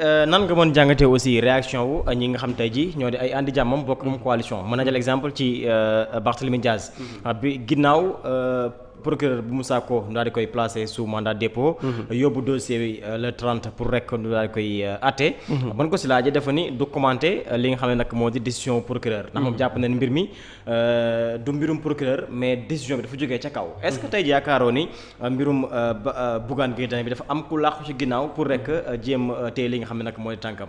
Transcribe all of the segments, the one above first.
Euh, nan nga mën jàngatee aussi réaction wu euh, ñi nga xam tey ji ñoo di ay àndi jàmmam bokk coalition mën na jël exemple ci euh, Barthélemy Diaz mm-hmm. ah, bi ginnaaw procureur bu mu sàkkoo daal di koy placé sous mandat dépôt mhm. yóbbu dossier bi euh, le 30 pour rek nu daal koy euh, atte mhm. ban ko si laajee dafa ni du commenté euh, li nga xam ne nag moo di décision procureur ndax moom mhm. jàpp ne du mbirum procureur mais décision bi dafa jógee ca kaw est-ce que tey ji yaakaaroo ni mbirum Bougane Gueye bi dafa am ku laaxu ci ginnaaw pour rek jéem tey li nga xam ne nag mooy tànkam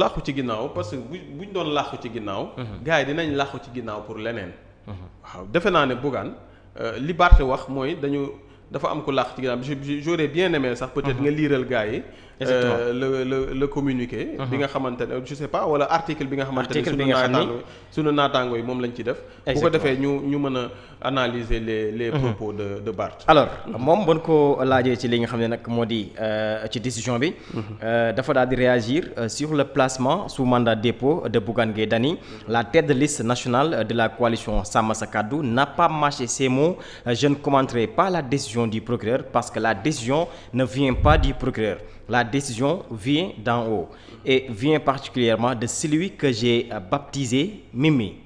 laaxu ci ginnaaw parce que buñ doon laaxu ci ginnaaw gars dinañ laaxu ci ginnaaw pour leneen waaw defe naa ne Bougane Euh, li Barth wax mooy dañu dafa am ku laax ci ginnaaw j'aurais bien aimé sax peut-être nga liiral gars yi exactement euh, le le le communiqué. Uh-huh. bi nga xamante ne je sais pas wala article bi nga xamante ne suñu naataango suñu naataango yi moom lañu ci def. bu ko defee ñu ñu mën a analyser le les uh-huh. propos de de Barth. alors uh-huh. moom bon ko laajee ci li nga xam ne nag moo di euh, ci décision bi. Euh, dafa daal di réagir sur le placement sous mandat dépôt de Bougane Gueye Dany la tête de liste nationale de la coalition Sàmm Sa Kàddu n'a pas mâché ses mots je ne commenterai pas la décision du procureur parce que la décision ne vient pas La décision vient d'en haut et vient particulièrement de celui que j'ai euh, baptisé Mimi.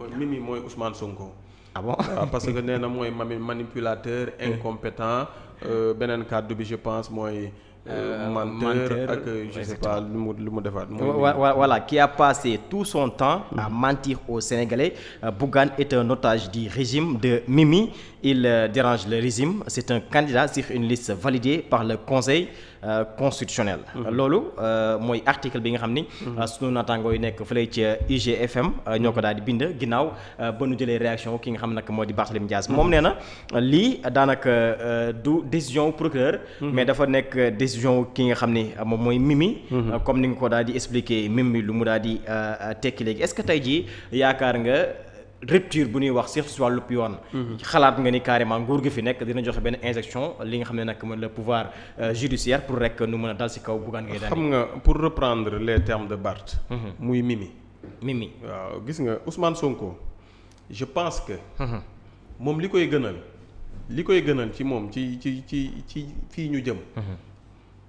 mooy Ousmane Sonko. ah, ah parce que nee na mooy manipulateur incompétent euh, beneen kàddu bi je pense mooy. Euh, euh menteur ak je sais pas lu mu lu mu defaat. voilà qui a passé tout son temps à mentir aux Sénégalais Bougane est un otage du régime de Mimi. il euh, dérange le régime c'est un candidat sur une liste validée par le conseil euh, constitutionnel. Mhm. loolu euh, mooy article bi nga xam ni. Mhm. sunu naataangoo yi nekk fële ci IGFM ñoo ko daal di bind ginnaaw ba nu jëlee réaction ki nga xam nag moo di Barthélémy Dias mhm. moom nee na lii daanaka du décision procureur. mais dafa nekk décision ki nga xam ni moom mooy Mimi. comme ni nga ko daal di expliquer Mimi lu mu daal di tekki léegi est-ce que tey jii yaakaar nga. rupture bu ñuy wax surtout si wàllu yoon. xalaat nga ni carrément nguur gi fi nekk dina joxe benn injection li nga xam ne nag mooy le pouvoir euh, judiciaire pour rek nu mën a dal si kaw Bougane Gueye Dany. xam nga pour reprendre les termes de Barth. Mhm. muy Mimi. Mimi waaw gis nga Ousmane Sonko je pense que. Mhm. moom li koy gënal li koy gënal ci moom ci ci ci ci fii ñu jëm. Mhm.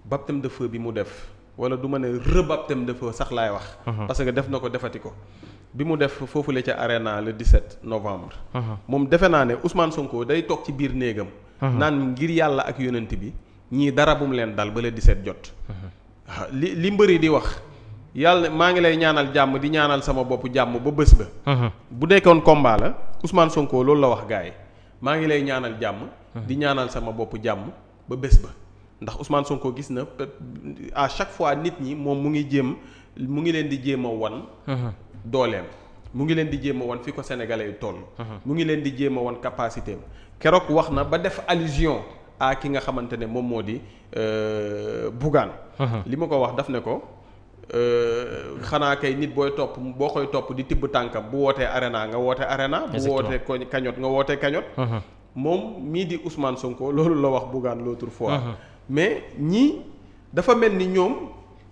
baptême de feu bi mu def wala du ma ne rebaptême de feu sax laay wax. parce que def na ko defati ko. bi mu def foofu la ca arena le 17 novembre. Uh-huh. moom defe naa ne Ousmane Sonko day toog ci biir néegam. Uh-huh. naan ngir yàlla ak yonent bi ñii dara bu mu leen dal ba le 17 jot. Uh-huh. Ah, li li mbëri di wax yàlla maa ngi lay ñaanal jàmm di ñaanal sama bopp jàmm ba bés ba. bu nekkoon combat la Sonko loolu la wax gars yi maa ngi lay ñaanal jàmm. di ñaanal sama bopp jàmm ba bés ba. ndax Ousmane Sonko gis na à chaque fois nit ñi moom mu ngi jéem mu ngi leen di jéem a dooleem mu ngi leen di jéema a wan fi ko sénégalais yu toll. mu ngi leen di jéema a wan capacité keroog wax na ba def allusion à ki nga xamante ne moom moo di euh, Bougane. Uh-huh. li ma ko wax daf ne ko. Euh, xanaa kay nit booy topp boo koy topp di tibb tànkam bu wootee arena nga woote arena bu wootee kañoot nga wootee kañot uh-huh. moom mii di Ousmane Sonko loolu la wax loo l'autre fois uh-huh. mais ñi dafa mel ni ñoom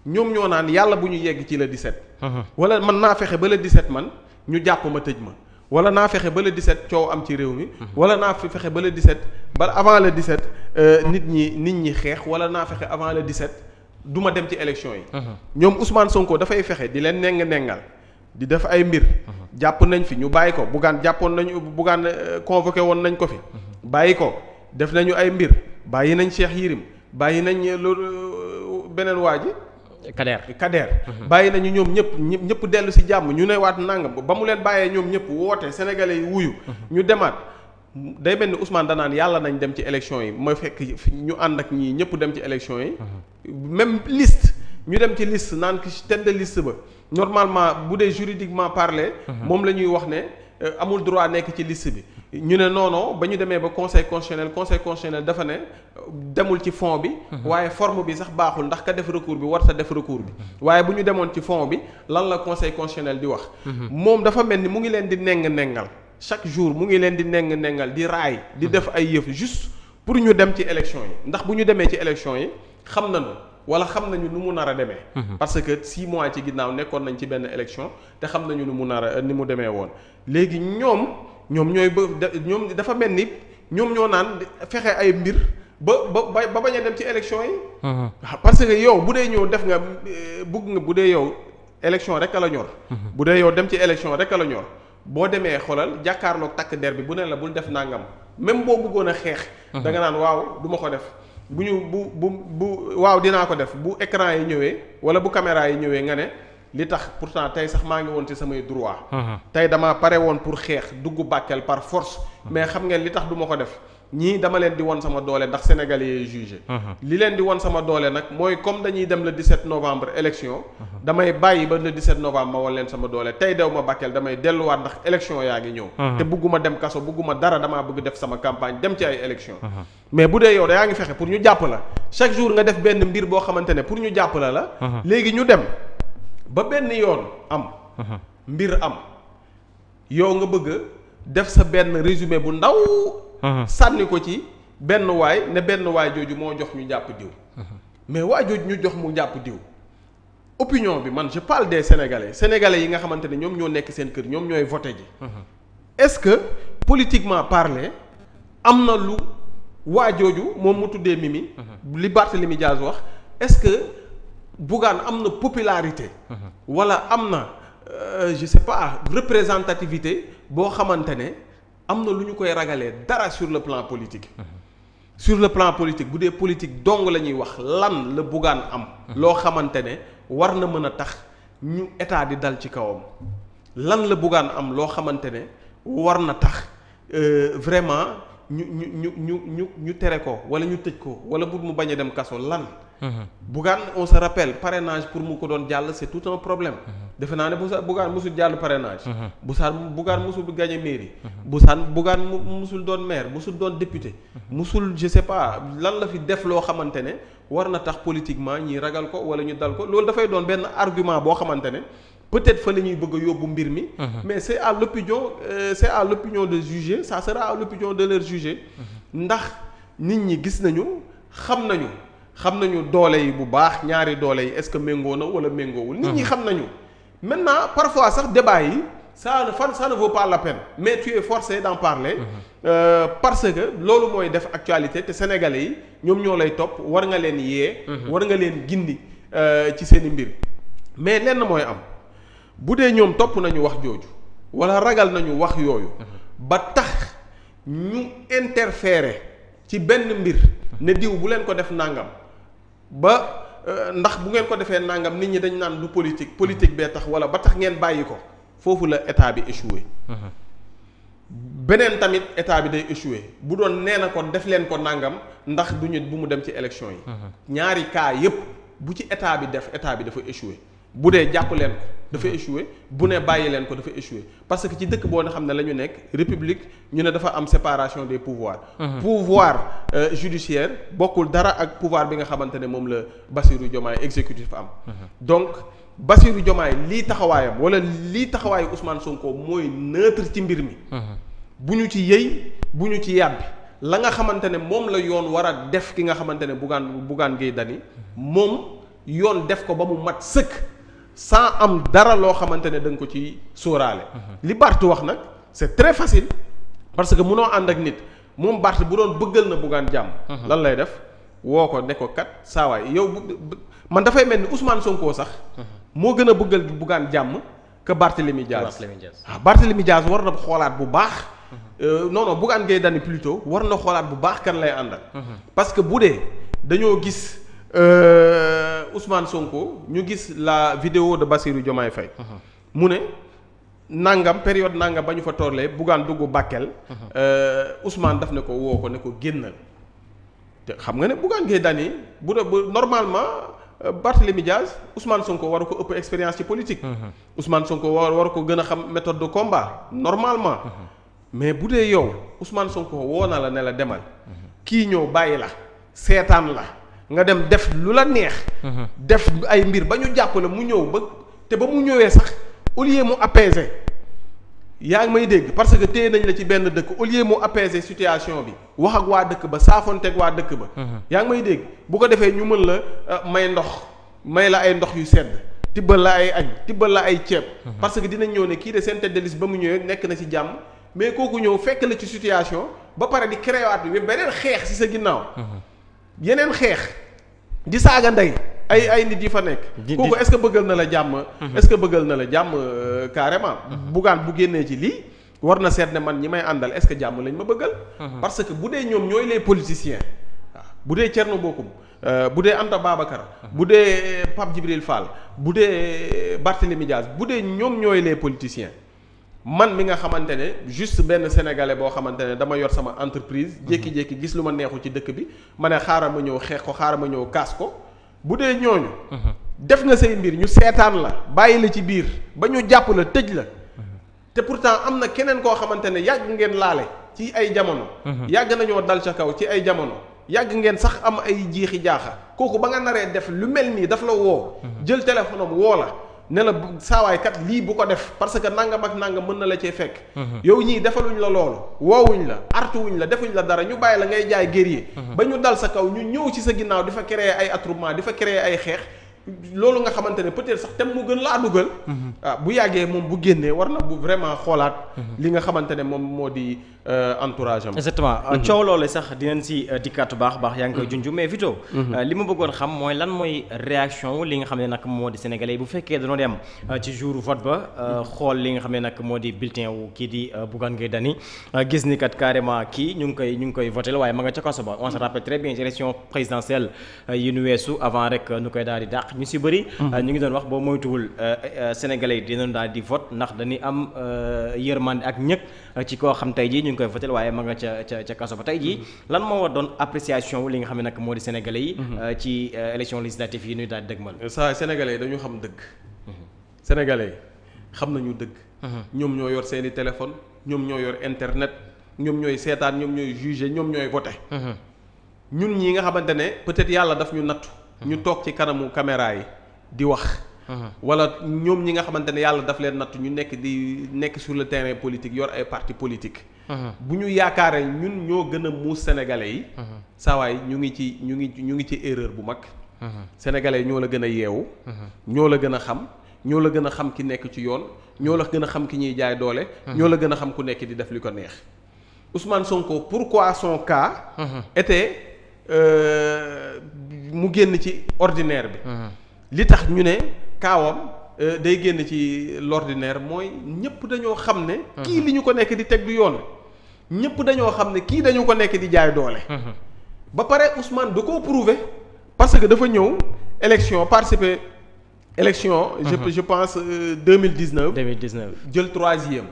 ñoom ñoo naan yàlla bu ñu yegg ci la di set Uh-huh. wala man naa fexe ba le 17 man ñu jàpp ma tëj ma wala naa fexe ba la di set coow am ci réew mi. Uh-huh. wala naa fi fexe ba di set ba avant le 17 euh, nit ñi nit ñi xeex wala naa fexe avant le 17 du ma dem ci élection yi. Uh-huh. ñoom Ousmane Sonko dafay fexe di leen neng-nengal di def ay mbir. jàpp nañ fi ñu bàyyi ko bugaan jàppoon nañu bugaan euh, convoqué woon nañ ko fi. bàyyi ko def nañu ay mbir bàyyi nañ Cheikh Yirim bàyyi nañ euh, loolu beneen waa ji. Kader Kader. Mhm. bàyyi nañu ñoom ñëpp ñëpp dellu si jàmm ñu ne waat nangam ba mu leen bàyyee ñoom ñëpp woote sénégalais yi wuyu. Mhm. ñu demaat day mel ni Ousmane danaan yàlla nañ dem ci élection yi mooy fekk ñu ànd ak ñii ñëpp dem ci élection yi. Mhm. même list ñu dem ci list naan ki tête de liste ba normalement bu dee juridiquement parler moom la ñuy wax ne euh, amul droit nekk ci list bi. ñu ne non non ba ñu demee ba conseil constitutionnel conseil constitutionnel dafa ne demul ci fond bi. Mhm. waaye forme bi sax baaxul ndax ka def recours bi war sa def recours bi. waaye bu ñu demoon ci fond bi lan la conseil constitutionnel di wax. Mhm. moom dafa mel ni mu ngi leen di neng nengal chaque jour mu ngi leen di neng nengal di raay. di mhm. def ay yëf juste pour ñu dem ci élection yi ndax bu ñu demee ci élection yi xam nañu wala xam nañu nu mu nar a demee. parce que six mois ci ginnaaw nekkoon nañ ci benn élection te xam nañu nu mu nar ni mu demee woon léegi ñoom. ñoom ñooy ba ñoom dafa mel ni ñoom ñoo naan fexe ay mbir ba ba ba bañ a dem ci élection yi. Uh-huh. parce que yow bu dee ñëw def nga eh, bugg nga bu dee yow élection rek a la ñor. Uh-huh. bu dee yow dem ci élection rek a la ñor boo demee xoolal jàkkaarlook takk der bi bu ne la bul def nangam même boo bëggoon a xeex. Uh-huh. danga naan waaw du ma ko def. bu ñu bu bu bu waaw dinaa ko def bu écran yi ñëwee wala bu caméra yi ñëwee nga ne. li tax pour pourtant tey sax maa ngi woon ci samay droit tey damaa pare woon pour xeex dugg Bakel par force mais xam ngeen li tax du ma ko def ñii dama leen di won sama doole ndax sénégal yee jugé li leen di won sama doole nag mooy comme dañuy dem le 17 novembre élection damay bàyyi ba le 17 novembre ma won leen sama doole tey dew ma Bakel damay delluwaat ndax élection yaa ngi ñëw te bugguma dem kaso bugguma dara damaa bëgg def sama campagne dem ci ay élection mais bu dee yow da yaa ngi fexe pour ñu jàpp la chaque jour nga def benn mbir boo xamante ne pour ñu jàpp la la ñu dem ba benn yoon am. Uh-huh. mbir am yow nga bëgg def sa benn résumé bu ndaw. Uh-huh. sànni ko ci benn waay ne benn waay jooju moo jox ñu jàpp diw. Uh-huh. mais waay jooju ñu jox mu jàpp diw. opinion bi man je parle des sénégalais sénégalais yi nga xamante ne ñoom ñoo nekk seen kër ñoom ñooy voté ji. est-ce que politiquement parlé am na lu waa jooju moom mu tuddee Mimi. li Barthélémy Dias wax est-ce que. Bougane am na popularité. wala am na euh, je sais pas représentativité boo xamante ne am na lu ñu koy ragalee dara sur le plan politique. sur le plan politique bu dee politique dong la ñuy wax lan la Bougane am. loo xamante ne war na mën a tax ñu état di dal ci kawam lan la Bougane am loo xamante ne war na tax euh, vraiment ñu ñu ñu ñu ñu ñu tere ko wala ñu tëj ko wala bu mu bañ a dem kaso lan. Mhm. Bougane on se rappelle parrainage pour mu ko doon jàll se tout un problème mhm. defe naa ne bu sa Bougane musul jàll parrainage mhm. bu saan Bougane musul gagné mairie bu saan Bougane musul doon maire mosul doon député musul je sais pas lan la fi def loo xamante ne war na tax politiquement ñi ragal ko wala ñu dal ko loolu dafay doon benn argument boo xamante ne peut-être fa la ñuy bëgg a yóbbu mbir mi mais c'est à l'opinion euh, c'est à l'opinion de juger ça sera à l'opinion de leur juger ndax nit ñi gis nañu xam nañu xam nañu doole yi bu baax ñaari doole yi est-ce que méngoo na wala méngoowul. nit ñi xam nañu. maintenant parfois sax débat yi ça ne fan ça ne vaut pas la peine mais tu es forcé parler. Euh, parce que loolu mooy def actualité te sénégalais yi ñoom ñoo lay topp war nga leen yee. war nga leen gindi euh, ci seen i mbir. mais lenn mooy am bu dee ñoom topp nañu wax jooju wala ragal nañu wax yooyu. ba tax ñu interférer ci benn mbir. ne diw bu leen ko def nangam. ba euh, ndax bu ngeen ko defee nangam nit ñi dañ naan du politique politique bee tax wala ba tax ngeen bàyyi ko foofu la état bi échoué. Mm-hmm. beneen tamit état bi day échoué bu doon nee na ko def leen ko nangam ndax duñu ñu bu mu dem ci élection yi. Mm-hmm. ñaari cas yépp bu ci état bi def état bi dafa échoué. bu dee jàpp leen ko mhm. dafa échoué bu ne bàyyi leen ko dafa échoué parce que ci dëkk boo xam ne la ñu nekk république ñu ne dafa am séparation des mhm. pouvoir pouvoir euh, judiciaire bokkul dara ak pouvoir bi nga xamante ne moom la Bassirou Diomaye exécutif am mhm. donc Bassirou Diomaye lii taxawaayam wala lii taxawaayu Ousmane Sonko mooy neutre ci mbir mi bu ñu ci yëy bu ñu ci yàbbi la nga xamante ne moom la yoon war a def ki nga xamante ne Bougane Bougane Gueye Dany moom yoon def ko ba mu mat sëkk sans am dara loo xamante ne da ko ci sóoraale. li Barth wax nag c'est très facile parce que munoo ànd ak nit moom Barth bu doon bëggal na Bougane jàmm. lan lay def woo ko ne ko kat saa waay yow man dafay mel ni Ousmane Sonko sax. Mhm. moo gën a bëggal buggaan jàmm que Barthélemy Diaz. waaw Barthélemy Diaz ah, war na xoolaat bu baax. Mhm. Euh, non non Bougane Gueye Dany war na xoolaat bu baax kan lay àndal. Mhm. parce bu dee dañoo gis. Euh, Ousmane Sonko ñu gis la vidéo de Bassirou Diomaye Faye uh-huh. mu ne nangam période nangam ba ñu fa toorlee buggaan dugg Bakel. Uh-huh. Euh, Ousmane daf ne ko woo ko ne ko génnal te xam nga ne buggaan ngay dani bu bu normalement euh, Barthélemy Diaz Ousmane Sonko waru ko ëpp expérience ci politique. Uh-huh. Ousmane Sonko war waru ko gën a xam méthode de combat normalement. mais bu dee yow Ousmane Sonko woo na la ne la demal. kii ñëw bàyyi la seetaan la. nga dem def lu la neex. Mhm. def ay mbir ba ñu jàpp la mu ñëw ba te ba mu ñëwee sax au lieu mu apaiser yaa ngi may dégg parce que téye nañ la ci benn dëkk au lieu mu apaiser situation bi wax ak waa dëkk ba saafonteeg waa dëkk ba. Mhm. yaa ngi may dégg bu ko defee ñu mën la euh, may ndox may la ay ndox yu sedd. tibbal la ay añ tibbal la ay ceeb. Mhm. parce que dinañ ñëw ne kii de seen tête ba mu ñëwee nekk na ci jàmm mais kooku ñëw fekk la ci situation ba pare di créé waat beneen xeex ci sa ginnaaw. yeneen xeex di saaga ndey ay ay nit yi fa nekk. kooku est-ce que bëggal na la jàmm. Mhm. est que bëggal na la jàmm euh, carrément. Mhm. bugaan bu génnee ci lii war na seet ne man ñi may àndal est-ce que jàmm lañ ma bëggal. Mhm. parce que bu dee ñoom ñooy les politiciens. bu dee Thierno Bocoum euh, bu dee Anta Babacar. bu dee Pape Djibril Fall bu dee Barthélémy Dias bu dee ñoom ñooy les politiciens. man mi nga xamante ne juste benn sénégalais boo xamante ne dama yor sama entreprise. Mhm. jékki-jékki gis lu ma neexu ci dëkk bi ma ne xaaral ma ñëw xeex ko xaaral ma ñëw kaas ko bu dee ñooñu. Mhm. def nga say mbir ñu seetaan la bàyyi la ci biir ba ñu jàpp la tëj la. Mhm. te pourtant am na keneen koo xamante ne yàgg ngeen laale ci ay jamono. yàgg nañoo dal ca kaw ci ay jamono. yàgg ngeen sax am ay jiixi jaaxa kooku ba nga naree def lu mel nii daf la woo. jël téléphone am woo la. ne la saawaay kat lii bu ko def parce que nangam ak nangam mën na la cee fekk. Mhm. yow ñii defaluñ la loolu woowuñ la artuwuñ la defuñ la dara ñu bàyyi la ngay jaay guerrier. Mhm. ba ñu dal sa kaw ñu ñëw ci sa ginnaaw dafa fa ay attroupement dafa fa créer ay xeex. loolu nga xamante ne peut-être sax tem mu gën laa dugal. Mhm. ah bu yàggee moom bu génnee war na bu vraiment xoolaat. Mhm. li nga xamante ne moom moo di euh, entourage am. exactement mhm. euh, coow loole sax dinañ si euh, dikkaat baax baax yaa ngi koy junj mais Vito. li ma bëggoon xam mooy lan mooy réaction wu li nga xam ne nag moo di sénégalais bu fekkee dañoo dem ci jour vote ba xool li nga xam ne nag moo di bulletin wu kii di Bougane Gueye Dany gis ni kat carrément kii ñu ngi koy ñu ngi koy voté waaye ma nga ca kaso ba rek nu koy daal di dàq dàq ñu si bëri. Mm-hmm. Euh, ñu ngi doon wax boo moytuwul euh, euh, sénégalais yi dinañ daal di vote ndax dañuy am yërmande ak ñëkk ci koo xam tey jii ñu ngi koy votel waaye ma nga ca ca ca kaso ba tey ji mm-hmm. lan moo war doon appréciation li nga xam ne nag moo di sénégalais yi. Mm-hmm. ci élection législative yi ñuy daal di dëgmal. saa sénégalais yi dañu xam dëgg. sénégalais yi xam nañu dëgg. ñoom ñoo yor seeni téléphone ñoom ñoo yor internet ñoom ñooy seetaan ñoom ñooy juger ñoom ñooy voter ñu ñu toog ci kanamu caméra yi di wax. wala ñoom ñi nga xamante ne yàlla daf leen natt ñu nekk di nekk sur le terrain politique yor ay parti politique. bu ñu yaakaaree ñun ñoo gën a muus sénégalais yi. saawaay ñu ngi ci ñu ngi ñu ngi ci erreur bu mag. sénégalais ñoo la gën a yeewu. ñoo la gën a xam ñoo la gën a xam ki nekk ci yoon ñoo la gën a xam ki ñuy jaay doole. ñoo la gën a xam ku nekk di def li ko neex Ousmane Sonko pourquoi son cas. était. Euh, mu génn ci ordinaire bi. li tax ñu ne kaawam euh, day génn ci l'ordinaire mooy ñëpp dañoo xam ne. kii li ñu ko nekk di teg du yoon. ñëpp dañoo xam ne kii dañu ko nekk di jaay doole. ba pare Ousmane da ko prouver parce que dafa ñëw élection participer élection. je je pense euh, deux mille dix neuf. deux mille dix neuf jël troisième.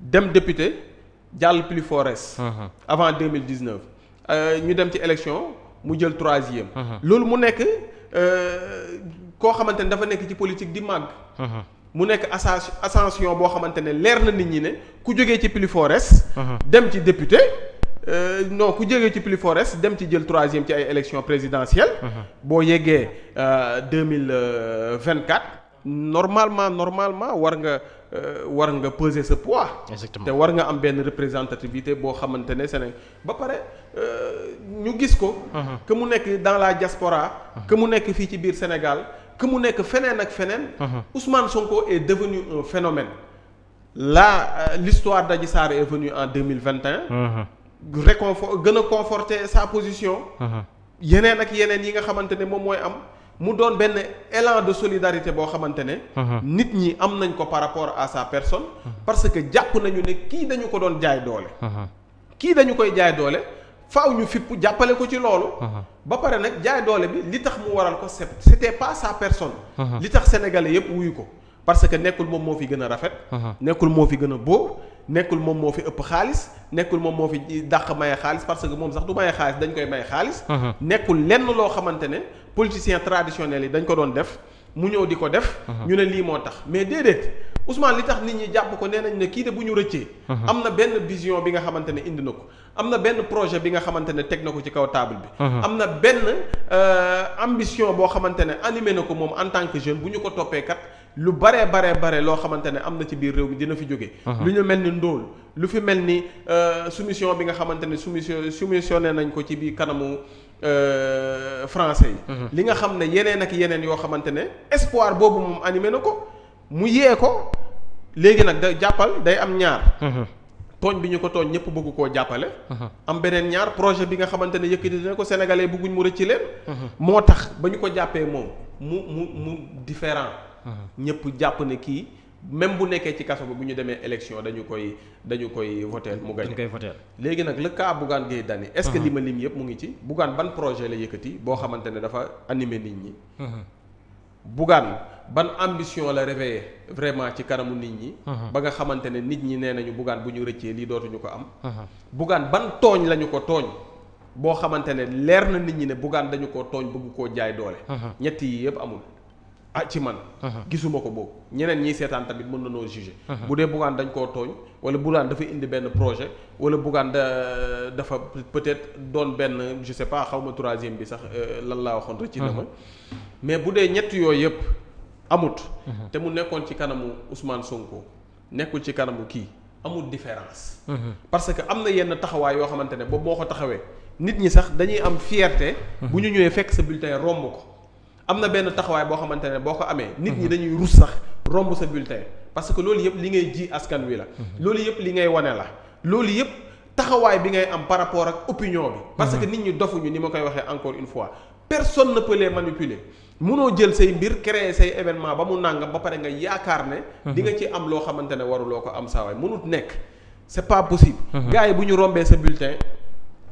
dem député jàll plus forest. avant deux mille dix neuf euh, ñu dem ci élection. mu jël troisième. loolu mu nekk euh, koo xamante ne dafa nekk ci politique di màgg. mu nekk ascension ascension boo xamante ne leer na nit ñi ne ku jógee ci plus forest dem ci député euh, non ku jógee ci plus forest dem ci jël troisième ci ay élection présidentielle boo yeggee euh, deux mille euh, vingt-quatre normalement normalement war nga Euh, war nga peser ce poids. te war nga am benn représentativité boo xamante ne Sénégal ba pare euh, ñu gis ko. Mhm. que mu nekk dans la diaspora. Mhm. que mu nekk fii ci biir Sénégal que mu nekk feneen ak feneen. Mhm. Ousmane Sonko et devenu un la là euh, l'histoire d'Adji Sarr est en deux mille vingt et un. gën a conforter sa position. yeneen ak yeneen yi nga xamante moom mooy am. mu doon benn élan de solidarité boo xamante ne. Uh-huh. nit ñi am nañ ko par rapport à sa personne. Uh-huh. parce que jàpp nañu ne kii dañu ko doon jaay doole. Uh-huh. kii dañu koy jaay doole faaw ñu fipp jàppale ko ci loolu. ba pare nag jaay doole bi li tax mu waral ko set c'était pas sa personne. li tax sénégalais yëpp wuyu ko parce que nekkul moom moo fi gën a rafet. nekkul moo fi gën a beau. nekkul moom moo fi ëpp xaalis nekkul moom moo fi dàq maye xaalis parce que moom sax du maye xaalis dañ koy maye xaalis. Uh-huh. nekkul lenn loo xamante ne politiciens traditionnels yi dañ ko doon def mu ñëw di ko def. Uh-huh. ñu ne lii moo tax mais déedéet Ousmane li tax nit ñi jàpp ko nee nañ ne kii de bu ñu rëccee. Uh-huh. am na benn vision bi nga xamante ne indi na ko am na benn projet bi nga xamante ne teg na ko ci kaw table bi. am na benn euh, ambition boo xamante ne animé na ko moom en tant que jeune bu ñu ko toppee kat. lu baree baree bare loo xamante ne am na ci biir réew mi dina fi jóge uh-huh. lu ñu mel ni ndóol lu fi mel ni euh, soumission bi nga xamante ne soumission soumissionné nañ ko ci biir kanamu euh, français yi uh-huh. li nga xam ne yeneen ak yeneen yoo xamante ne espoir boobu moom animé na ko mu yee ko léegi nag day jàppal day am ñaar uh-huh. tooñ bi ñu ko tooñ ñëpp bëgg koo jàppale am beneen ñaar projet bi nga xamante ne yëkkati dina ko sénégalais bëgguñ mu rëcc leen moo tax ba ñu ko jàppee moom mu mu mu différent Uh-huh. ñëpp jàpp ne kii même bu nekkee ci kaso ba bu ñu demee élection dañu koy dañu koy voter mu gañ koy voter léegi nag le cas Bougane Gueye Dany est-ce que uh-huh. li ma lim yëpp mu ngi ci Bougane ban projet la yëkkati boo xamante ne dafa animer nit ñi uh-huh. Bougane ban ambition la réveillé vraiment ci kanamu nit ñi ba nga xamante ne nit ñi nee nañu Bougane bu ñu rëccee lii dootuñu ko am Bougane ban tooñ lañu ko tooñ boo xamante ne leer na nit ñi ne Bougane dañu ko tooñ bëgg koo jaay doole ñett yi yëpp amul ah ci man. Uh-huh. gisuma ko boobu ñeneen ñiy seetaan tamit mën na noo juger. Uh-huh. bu dee Bougane dañ koo tooñ wala Bougane dafa indi benn projet wala Bougane da dafa peut-être doon benn je sais pas xaw ma troisième bi sax euh, lan laa waxoon rek. ci dama uh-huh. mais bu dee ñett yooyu yëpp amut. te mu nekkoon ci kanamu Ousmane Sonko nekkul ci kanamu kii amul différence. parce que am na yenn taxawaay yoo xamante ne boobu boo ko taxawee nit ñi sax dañuy am fierté. bu ñu ñëwee fekk sa bulletin romb am na benn taxawaay boo xamante ne boo ko amee. nit ñi mhm. dañuy rus sax romb sa bulletin parce que loolu yëpp li ngay ji askan wi la. Mhm. loolu yëpp li ngay wane la loolu yëpp taxawaay bi ngay am par rapport ak opinion bi. parce que mhm. nit ñi dofuñu ni ma koy waxee encore une fois personne ne peut les mënoo jël say mbir créer say événement ba mu nangam ba pare nga yaakaar ne. di nga ci am loo xamante ne waruloo ko am saa mënut nekk c'est pas possible. gars bu ñu rombee sa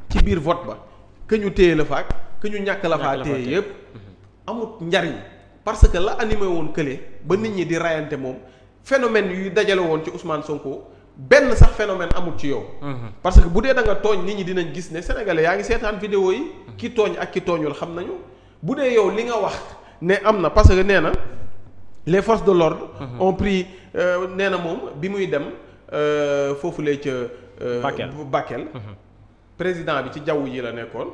ci biir vote ba que téye la faak que ñu ñàkk la yëpp. amut njariñ parce que la animé woon kële ba nit ñi di rayante moom phénomène yuy dajale woon ci Ousmane Sonko benn sax phénomène amul ci yow. Mhm. parce que bu dee da nga tooñ nit ñi dinañ gis ne sénégale yaa ngi seetaan vidéo yi. Mhm. ki tooñ ak ki tooñul xam nañu. bu dee yow li nga wax ne am na parce que nee na les forces de l'ordre mhm. ont pris euh, nee na moom bi muy dem euh, foofu lee ca. Euh, Bakel Bakel. président bi ci jaww ji la nekkoon.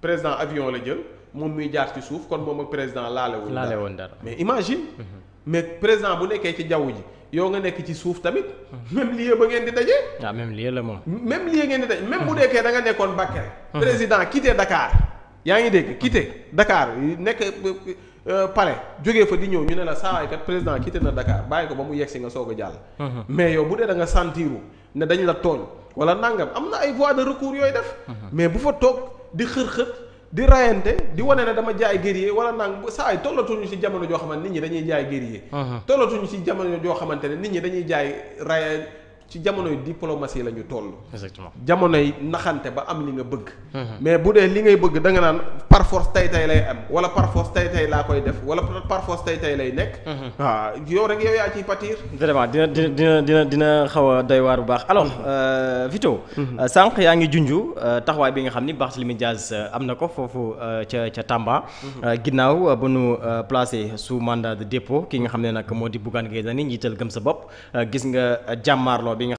président avion la jël. moom muy jaar ci suuf kon moom ak président laale woon laale dara mais imagine mhm. mais président bu nekkee ci jaww ji yow nga nekk ci suuf tamit mhm. même lieu ba ngeen di dajee waaw ah, même lieu la moom même lieu bu mhm. nekkee danga nga nekkoon Bakel président quitté Dakar yaa ngi dégg quitté Dakar nekk euh, palais jógee fa di ñëw ñu ne la saa kat président quitté na Dakar bàyyi ko ba mu yegsi nga soog a jàll mais yow bu dee da nga sentiru ne dañu la tooñ wala nangam am na ay voies de recours yooyu def mais bu fa di xër-xër di rayante di wane na dama jaay guerrier wala nang saa yi tollatuñu ci jamono joo xamante nit ñi dañuy jaay guerrier uh-huh. tollatuñu ci jamono joo xamante ne nit ñi dañuy jaay raye ci jamonoy diplomatie la ñu toll. exactement jamonoy naxante ba am li nga bëgg. Mhm. mais bu dee li ngay bëgg da nga naan par force tay tay lay am wala par force tay tay laa koy def wala par force tay tay lay nekk. Mhm. waaw yow rek yow yaa ciy pâtir. vraiment dina dina dina dina xaw a doy bu baax alors mhm. euh, Vito. Euh, sànq yaa ngi junj euh, taxawaay bi nga xam ni Barthélémy Diaz am na ko foofu ca ca Tamba. ginnaaw ba nu placé sous mandat de dépôt ki nga xam ne nag moo di Bougane Gueye Dany njiital gëm sa bopp gis